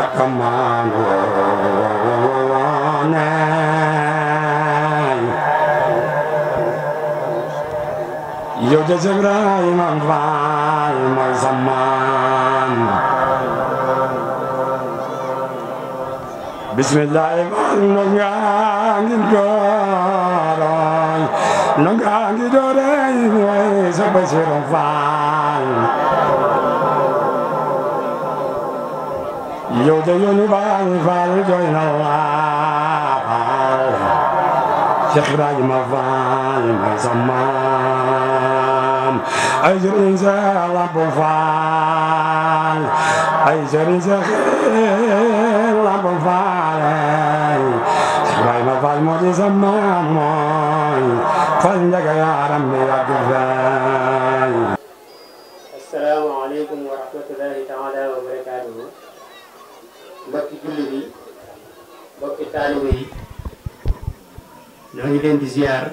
الكمال وناي يوجد إبراهيم أنفال ما زمان بسم الله الرحمن الرحيم نقعد دوري ويسبسر فال yow de yoonu baa ngi faal jooy na waaw Cheikh Ibrahima Faal may samaam ay sëriñ sa lampu faal ay sëriñ sa lampu faal Cheikh Ibrahima Faal moo di samaam mooy faal njaga yaaram bi yàgg faal assalaamu aleykum wa rahmatullahi taala wa barakatuh mbokki ngi leen di ziar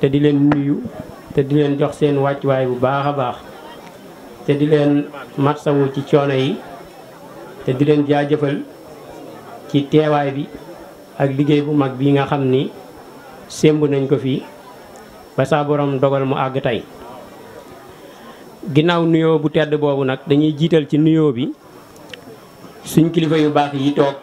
te di leen nuyu te di leen jox seen wàccuwaay bu baax a baax te di leen matsawu ci coono yi te di leen jaajëfal ci teewaay bi ak liggéey bu mag bi nga xam ni sémb nañ ko fii ba saa dogal mu àgg tey ginnaaw nuyoo bu tedd boobu nag dañuy jiital ci nuyoo bi suñ kilifa yu baax yi toog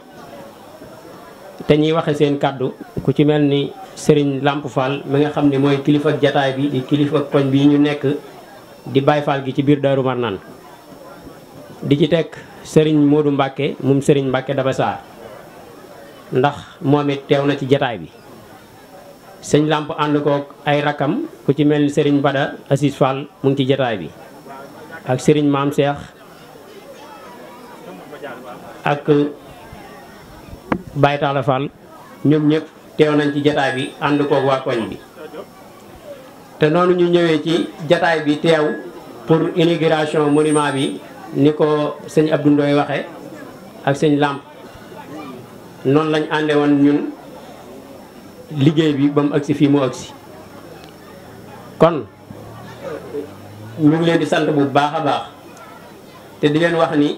te ñuy waxe seen kàddu ku ci mel ni sëriñ Lamp Fall mi nga xam ne mooy kilifa jataay bi di kilifa koñ bi ñu nekk di Baye Fall gi ci biir Daaru Marnaan di ci teg Serigne Modou Mbacke moom Serigne Mbacke dafa saar ndax moom it teew na ci jataay bi sëñ làmp ànd koog ay rakam ku ci mel ni sëriñ Bada Assis Fall mu ci jataay bi ak sëriñ maam Cheikh ak Baye Talla ñoom ñëpp teew nañ ci jataay bi ànd koog waa koñ bi te noonu ñu ñëwee ci jataay bi teew pour inauguration monument bi ni ko sëñ Abdou Ndoye waxe ak sëñ Lamp noonu lañ ànde woon ñun liggéey bi ba mu agsi fii mu agsi kon ñu ngi leen di sant bu baax a baax te di leen wax ni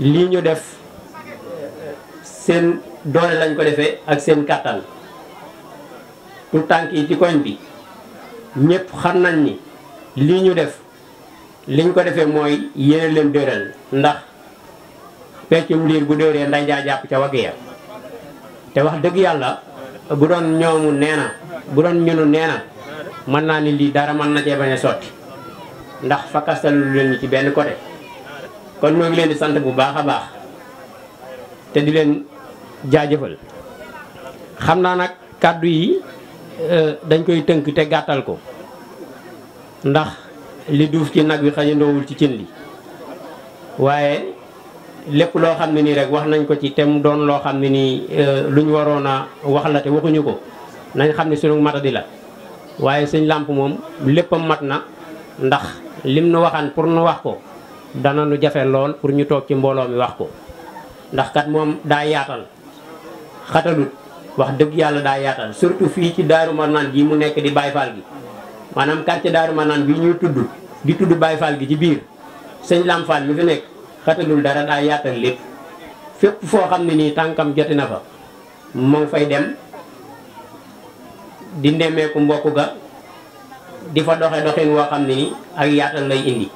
lii ñu def seen doole lañ ko defee ak seen kàttan tu tànk yi ci koñ bi ñëpp xam nañ ni lii ñu def liñ ko defee mooy yéene leen dëral ndax peccum liir bu dóoree nday jaa jàpp ca wagg ya te wax dëgg yàlla bu doon ñoomu nee na bu doon ñunu nee na mën naa ni lii dara mën na cee bañ sotti ndax fakkastalu leen ñu ci benn côté kon ñoo leen di sant bu baax a baax te di leen jaajëfal xam naa nag kàddu yi euh, dañ koy tënk te gàttal ko ndax li duuf ci nag wi xajandoowul ci cin li waaye lépp loo xam ne nii rek wax nañ ko ci te mu doon loo xam ne nii euh, luñ waroon a wax la te waxuñu ko nañ xam ne sunu matadi la waaye sëñ làmp moom léppam mat na ndax lim nu waxaan pour nu wax ko dana nu jafe lool pour ñu toog ci mbooloo mi wax ko ndax kat moom daa yaatal xatalut wax dëgg yàlla daa yaatal surtout fii ci Daaru Marnaan gi mu nekk di Baye Fall gi maanaam quartier Daaru Marnaan bi ñuy tudd di tudd Baye Fall gi ci biir sëñ Lam Fall mi fi nekk xatalul dara daa yaatal lépp fépp foo xam ne nii tànkam joti na fa moo fay dem di nemmeeku mbokk ga di fa doxe doxin woo xam ne ni ak yaatal lay indi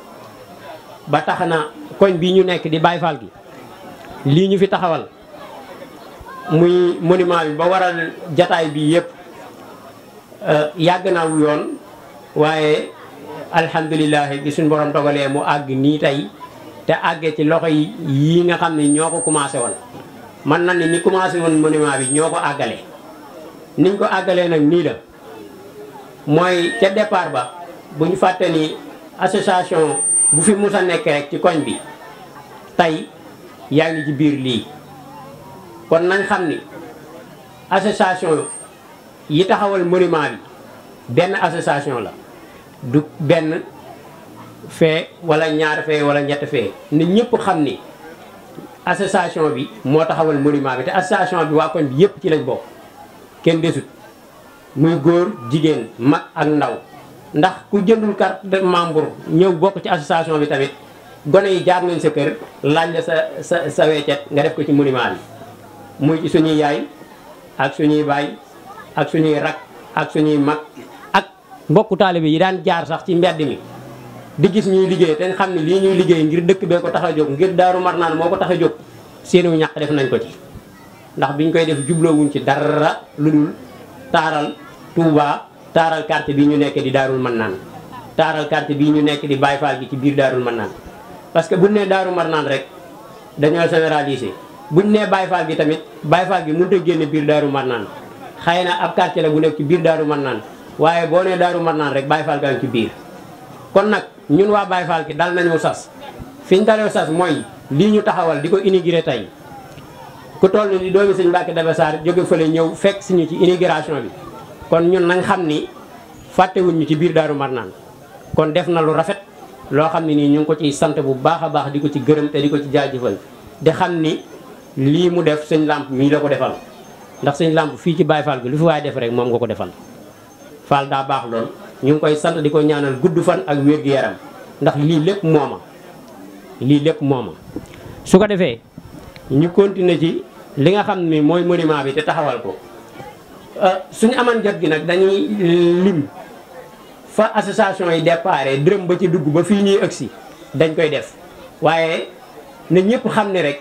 ba tax na koñ bi ñu nekk di Baye Fall gi lii ñu fi taxawal muy monument bi ba waral jataay bii yëpp eh, yàgg na wu yoon waaye alhamdulilah bi suñ borom dogalee mu àgg nii tey te àggee ci loxo yi yii nga xam ne ñoo ko commencé woon man na ni ni commencé woon monument bi ñoo ko àggale niñ ko àggalee nag nii la mooy ca départ ba bu ñu fàtte ni association bu fi mus a nekk rek ci koñ bi tey yaa ngi ci biir lii kon nañ xam ni association yi taxawal monument bi benn association la du benn fee walla ñaar fee wala ñett fee nit ñëpp xam ni association bi moo taxawal monument bi te association bi waa koñ bi yëpp ci lañ bokk kenn desut muy góor jigéen mag ak ndaw ndax ku jëndul carte de membre ñëw bokk ci association bi tamit gone yi jaar nañ sa kër laaj la sa sa sa weccet nga def ko ci monument bi muy ci suñuy yaay ak suñuy baay ak suñuy rak ak suñuy mag ak mbokku taalibe yi daan jaar sax ci mbedd mi di gis ñuy liggéey te xam ne lii ñuy liggéey ngir dëkk bee ko tax a jóg ngir daaru mar naan moo ko tax a jóg seenu ñax def nañ ko ci ndax biñ koy def jubloowuñ ci dara lu dul taaral Touba taaral quartier bii ñu nekk di Daarul Mannaan taaral quartier bii ñu nekk di Baye Fall gi ci biir Daarul Mannaan parce que buñ nee Daarul Mannaan rek dañoo généraliser buñ nee Baye faal gi tamit Baye Fall gi mënut a génne biir Daarul Mannaan xëy na ab quartier la bu nekk ci biir Daarul Mannaan waaye boo nee Daarul Mannaan rek Baye Fall gaa ci biir kon nag ñun waa Baye Fall gi dal nañu sas fi ñu dalee sas mooy lii ñu taxawal di ko inaugurer tey ku toll ni doomi sëñ Mbàkke Dabe Sarr jóge fële ñëw fekk si ñu ci immigration bi kon ñun nañ xam ni fàttewuñu ci biir Daaru Marnaan kon def na lu rafet loo xam ne nii ñu ngi ko ciy sant bu baax a baax di ko ci gërëm te di ko ci jaajëfal di xam ni lii mu def sëñ làmp mii la ko defal ndax sëñ làmp fii ci Baye Fall bi lu fi waaye def rek moom nga ko defal Fall daa baax lool ñu ngi koy sant di ko ñaanal gudd fan ak wér-gu-yaram ndax lii lépp mooma lii lépp mooma su li nga xam ni mooy monument bi te taxawal ko euh, suñu aman jot gi nag dañuy euh, lim fa association yi déparé dërëm ba ci dugg ba fii ñuy ëgsi dañ koy def waaye na ñëpp xam ne rek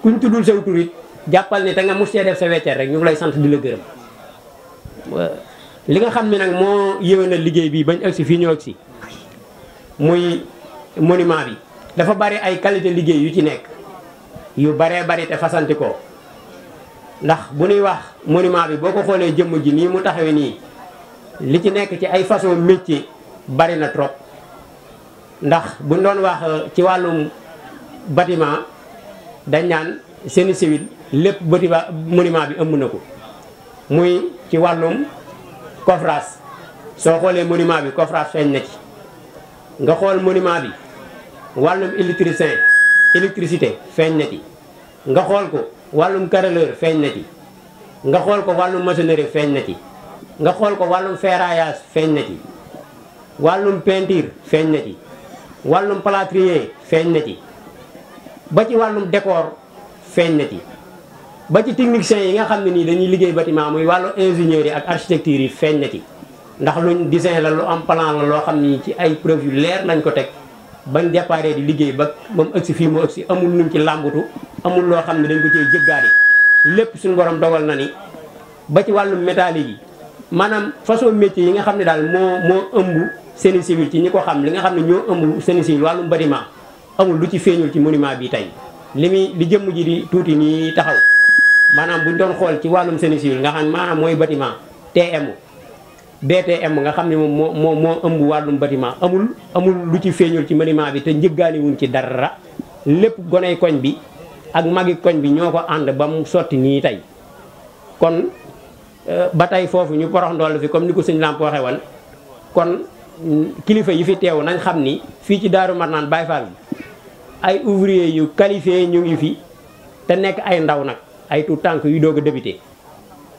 kuñ tuddul saw turit jàppal ni te nga mustee def sa wecceet rek ñu lay sant di la gërëm euh, li nga xam ne nag moo yéwénal liggéey bii bañ ëgsi fii ñu ëgsi muy monument bi dafa bari ay qualité liggéey yu ci nekk yu baree bari te fasanti ko ndax bu ñuy wax monument bi boo ko xoolee jëmm ji nii mu taxawee nii li ci nekk ci ay façon métier bari na trop ndax buñ doon wax euh, ci wàllum batiment dañ naan seeni civil lépp bâtiment monument bi ëmb na ko muy ci wàllum coffrage soo xoolee monument bi coffrage feeñ na ci nga xool monument bi wàllum électricien électricité feeñ na ci nga xool ko wàllum carreleur feeñ na ci nga xool ko wàllum maçonnerie feeñ na ci nga xool ko wàllum ferraillage feeñ na ci wàllum peinture feeñ na ci wàllum plâtrier feeñ na ci ba ci wàllum décor feeñ na ci ba ci techniciens yi nga xam ne nii dañuy liggéey bâtiment muy wàllu ingénieurs yi ak architecture yi feeñ na ci ndax luñ design la lu am plan la loo xam ni ci ay preuve yu leer lañ ko teg bañ déparé di liggéey ba moom ëgsi fii mu ëgsi amul nuñ ci làmbutu amul loo xam ne dañ ko cee jëggaari lépp suñ borom dogal na ni ba ci wàllum métallique yi maanaam façon métier yi nga xam ne daal moo moo ëmb génie civil ci ñi ko xam li nga xam ne ñoo ëmb génie civil wàllum bâtiment amul lu ci feeñul ci monument bi tey li muy li jëmm ji di tuuti nii taxaw bu ñu doon xool ci wàllum génie civil nga xam maanaam mooy bâtiment TMU BTM nga xam ni moom moo moo moo ëmb wàllum bâtiment amul amul lu ci feeñul ci bâtiment bi te njëggaaniwuñ ci dara lépp goney koñ bi ak magi koñ bi ñoo ko ànd ba mu sotti nii tey kon euh, ba tey foofu ñu porox ndoll fi comme ni ko sëñ Lamp waxe woon kon kilifa yi fi teew nañ xam ni fii ci Daaru Marnaan Baye Fall bi ay ouvrier yu qualifié ñu ngi fi te nekk ay ndaw nag ay tout tànk yu doog a débuté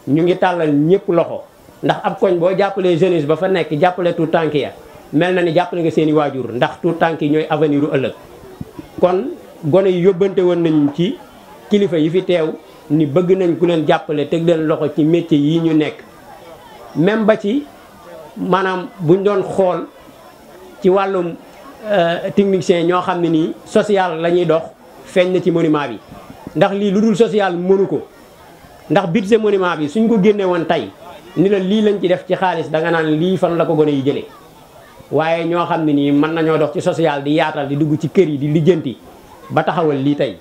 ñu ngi tàllal ñëpp loxo ndax ab koñ boo jàppalee jeunesse ba fa nekk jàppale tout tànk ya mel na ni jàppale nga seeni waajur ndax tout tànk yi ñooy avenir ëllëg kon gone yi yóbbante woon nañu ci kilifa yi fi teew ni bëgg nañ ku leen jàppale teg leen loxo ci métier yi ñu nekk même ba ci maanaam buñ doon xool ci wàllum euh, technicien ñoo xam ne nii social la ñuy dox feeñ na ci monument bi ndax lii lu dul social mënu ko ndax budget monument bi suñ ko génnee woon tey ni la lii lañ ci def ci xaalis danga naan lii fan la ko gone yi jëlee waaye ñoo xam ne nii mën nañoo dox ci social di yaatal di dugg ci kër yi di lijjanti ba taxawal lii tey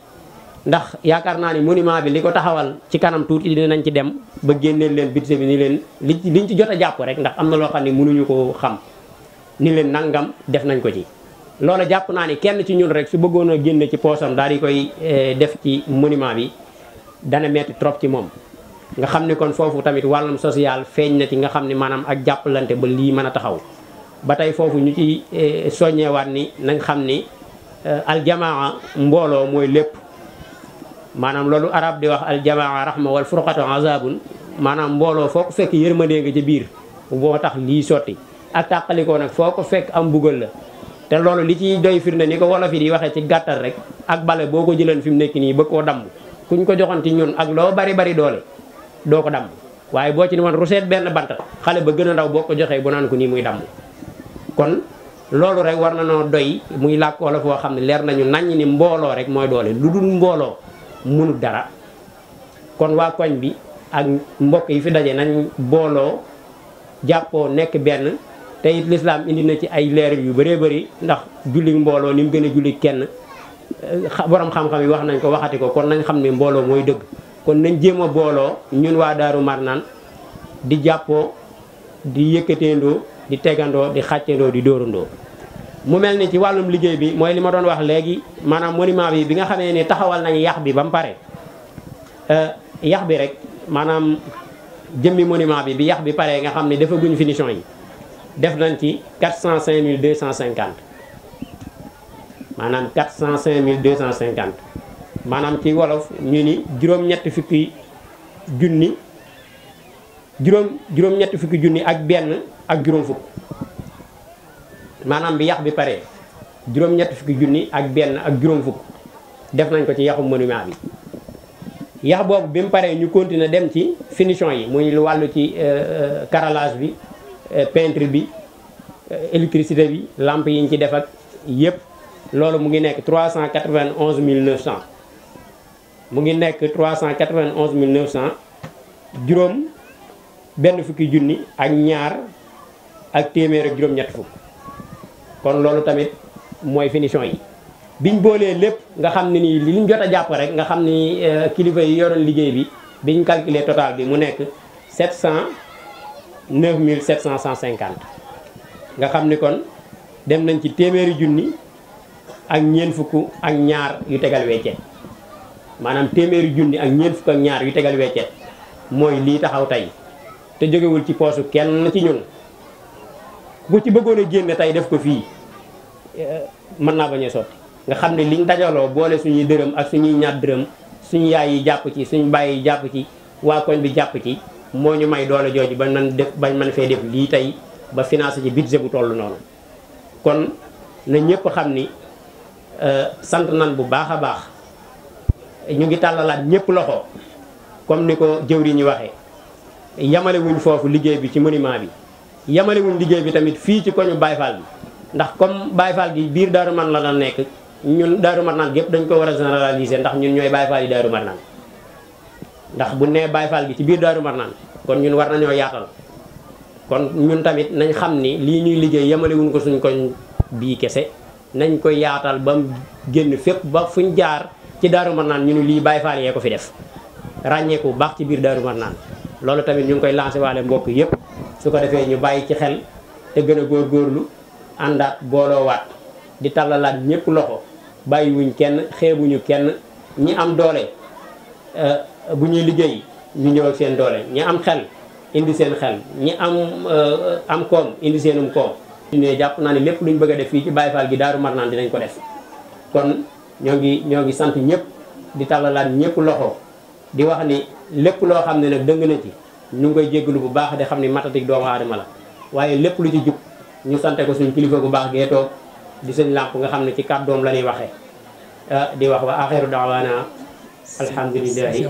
ndax yaakaar naa ni monument bi li ko taxawal ci kanam tuuti nañ ci dem ba génneel leen budget bi ni leen li liñ ci jot a jàpp rek ndax am na loo xam ne mënuñu koo xam ni leen nangam def nañ ko ci loola jàpp naa ni kenn ci ñun rek su bëggoon a génne ci poosam daal di koy eh, def ci monument bi dana trop ci moom nga xam ne kon foofu tamit wàllum social feeñ na ci nga xam ne maanaam ak jàppalante ba lii mën a taxaw ba tey foofu ñu ci eh, soññewaat ni nañ xam ni eh, aljamaa mbooloo mooy lépp maanaam loolu arab di wax aljamaa rahma wal furqatu azabun maanaam mbooloo foo ko fekk yërmandee nga ci biir boo tax lii sotti ak tàqalikoo nag foo ko fekk am mbugal la te loolu li ciy doy firnde ni ko wolof yi di waxee ci gàttal rek ak bale boo ko jëlan fi mu nekk nii bëgg koo damm kuñ ko joxanti ñun ak loo bari bari doole doo ko damm waaye boo ci ne woon ruseet benn banta xale ba gën a ndaw boo ko joxee bu naan ko nii muy damm kon loolu rek war na noo doy muy làkk wala foo xam ne leer nañu nañ ni mbooloo rek mooy doole lu dul mbooloo mënul dara kon waa koñ bi ak mbokk yi fi daje nañ booloo jàppoo nekk benn tey it lislaam indi na ci ay leeral yu bëree bëri ndax julli mbooloo ni mu gën a julli kenn borom xam-xam yi wax nañ ko waxati ko kon nañ xam ni mbooloo mooy dëgg kon nañ jéem a booloo ñun waa Daaru Marnaan di jàppoo di yëkkateendoo di tegandoo di xàccandoo di dóorandoo mu mel ni ci wàllum liggéey bi mooy li ma doon wax léegi maanaam monument bi bi nga xamee ni taxawal nañ yax bi ba mu pare euh, yax bi rek maanaam jëmmi moniment bi bi yax bi pare nga xam ni dafa guñ finition yi def nañ ci 405 250 maanaam 405 250 maanaam ci wolof ñu ni juróom-ñetti fukki junni juróom juróom-ñetti fukki junni ak benn ak juróom fukk maanaam bi yax bi pare juróom-ñetti fukki junni ak benn ak juróom fukk def nañ ko ci yaxu monument bi yax boobu bi mu paree ñu continuer dem ci finition yi muy wàllu ci euh, euh, carrelage bi euh, peinture bi électricité bi lampe yi ñu ci def ak yépp loolu mu ngi nekk cent 391 900 mu ngi nekk cent mil 391 900 juróom benn fukki junni ak ñaar ak téeméer ak juróom-ñett fukk kon loolu tamit mooy finition yi biñ boolee lépp nga xam ni nii liñ jot a jàpp rek nga xam ni euh, kilifa yi yoroon liggéey bi biñ calculer total bi mu nekk cent 709 750 nga xam ni kon dem nañ ci téeméeri junni ak ñeent fukk ak ñaar yu tegal weccee maanaam téeméeri junni ak ñeent fukk ak ñaar yu tegal weccet mooy lii taxaw tey te jógewul ci poosu kenn ci ñun ku ci bëggoon a génne tey def ko fii eh, mën naa bañ a sotti nga xam ne liñ dajaloo boole suñuy dërëm ak suñuy ñaar dërëm suñu yaay yi jàpp ci suñu bàyyi jàpp ci waa koñ bi jàpp ci moo ñu may doole jooju bañ man def bañ man fee def lii tey ba finance ci budget bu toll noonu kon na ñëpp xam ni eh, sant nan bu baax a baax ñu ngi tàllalaat ñëpp loxo comme ni ko jëw ñi waxee waxe wuñ foofu liggéey bi ci monument bi yamale liggéey bi tamit fii ci koñu Baye Fall bi ndax comme Baye Fall gi biir Daaru Marnaan la daan nekk ñun Daaru Marnaan gépp dañ ko war a généraliser ndax ñun ñooy Baye Fall yi Daaru Marnaan ndax bu nee Baye Fall gi ci biir Daaru Marnaan kon ñun war nañoo yaatal kon ñun tamit nañ xam ni lii ñuy liggéey yamale ko suñ koñ bii kese nañ koy yaatal ba mu génn fépp ba fuñ jaar ci daaru marnaan ñu ne lii Baay Faal yee ko fi def ràññeeku baax ci biir daaru marnaan loolu tamit ñu ngi koy lancé waale mbokk yëpp su ko defee ñu bàyyi ci xel te gën a góorgóorlu àndaat booloowaat di tàllalaat ñëpp loxo bàyyiwuñ kenn xeebuñu kenn ñi am doole euh, bu ñuy liggéey ñu ñëw seen doole ñi am xel indi seen xel ñi am euh, am koom indi seenum koom. ne jàpp naa ne lépp luñ bëgg a def fii ci Baye Fall gi Daaru Marnaan dinañ ko def ñoo ngi ñoo ngi sant ñëpp di tàllalaat ñëpp loxo di wax ni lépp loo xam ne nag dëng na ci ñu ngi koy jéggalu bu baax di xam ni matatik doom aadama la waaye lépp lu ci jub ñu sante ko suñ kilifa bu baax gee toog di sëñ làmp nga xam ne ci kàddoom la ñuy waxee ah, di wax wa axiru daawaana alhamdulilahi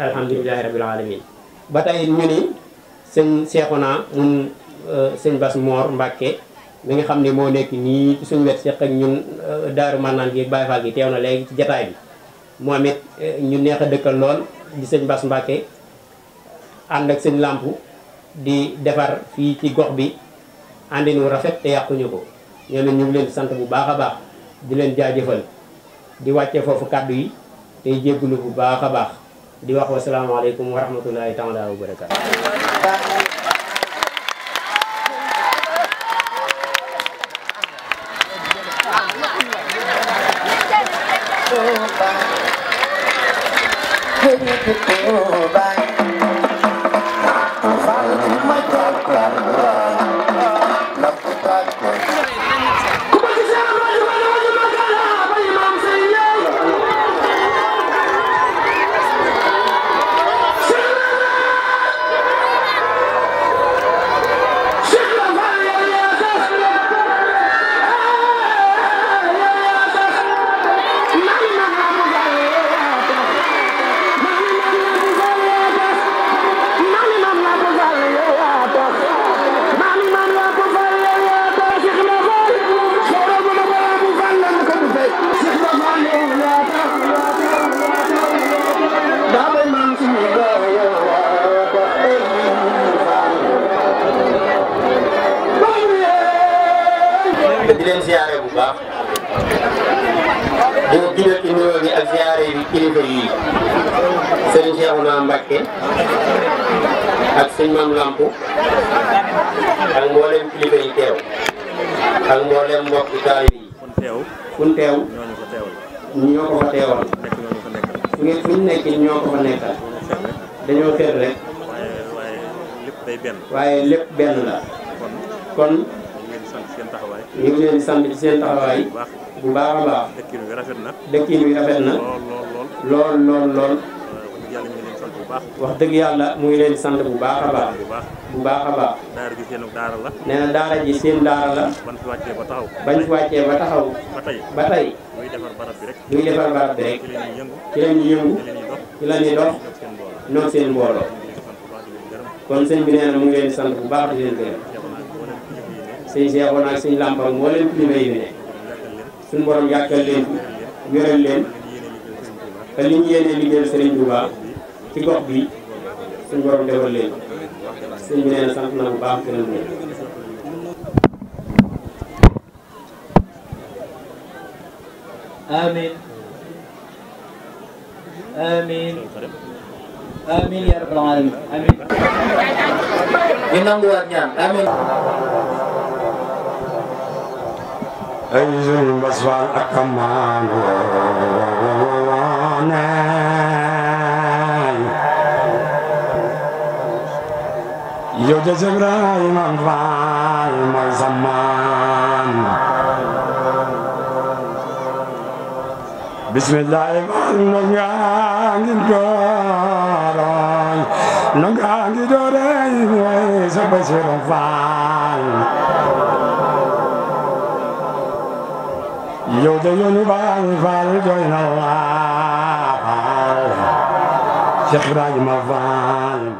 alhamdulilahi rabil alamin ba tey ñu ni sëñ seexu naa mun ah, sëñ bas moor mbàkke mi nga xam ne moo nekk nii ci suñu wet seq ak ñun euh, daaru mannaan gi Baye Fall gi teew na léegi ci jataay bi moom it euh, ñu neex a dëkkal lool di sëñ Bass Mbacke ànd ak sëñ làmp di defar fii ci gox bi àndinu rafet te yàquñu ko ñoom ñu ngi leen di sant bu baax a baax di leen jaajëfal di wàcce foofu kàddu yi tey jéggulu bu baax a baax di wax wasalaamaaleykum wa rahmatullahi taala wa barakaatu Thank you. kilifa yii sëñ Cheikhouna Mbacké ak sëñ Maam Lamp ak mboolem kilifa yi teew ak mboolem mbokki taalibe yi kun teew ñoo ko fa teewal fu fu ñu nekk ñoo ko fa nekkal dañoo tër rek waaye lépp benn la kon taxawaay. ñu ngi leen seen taxawaay. bu baax a baax. dëkkin wi rafet na. dëkkin wi rafet na. lool lool lool. wax dëgg yàlla mu ngi leen di bu baax a baax. bu baax a baax. daara ji seen daara la. nee na daara ji seen daara la. bañ ba taxaw. bañ fi wàccee ba taxaw. ba tey muy defar barab bi rek. muy defar barab bi rek. ci la ñuy yëngu. ci la ñuy yëngu. dox. ñoom seen mbooloo. kon sëñ bi nee mu ngi leen di sant bu baax di leen gërëm. sëñ Seexoon ak sëñ Làmpa moo leen kilifa yi ne suñu borom yàkkal leen wéral leen te li ñu yéene liggéeyal Serigne Touba ci gox bi suñu borom defal leen sëñ bi nee na na bu baax gërëm leen آمين آمين آمين يا رب العالمين آمين إنه أمين ay mbas faal ak kamaan naay yow de Ibrahima Faal mooy samaan bismillaahi faal nongaa ngi doorooy nongaa ngi doorooy mooy faal yow de yoonu Baay Faal doy na la Cheikh Ibrahima Faal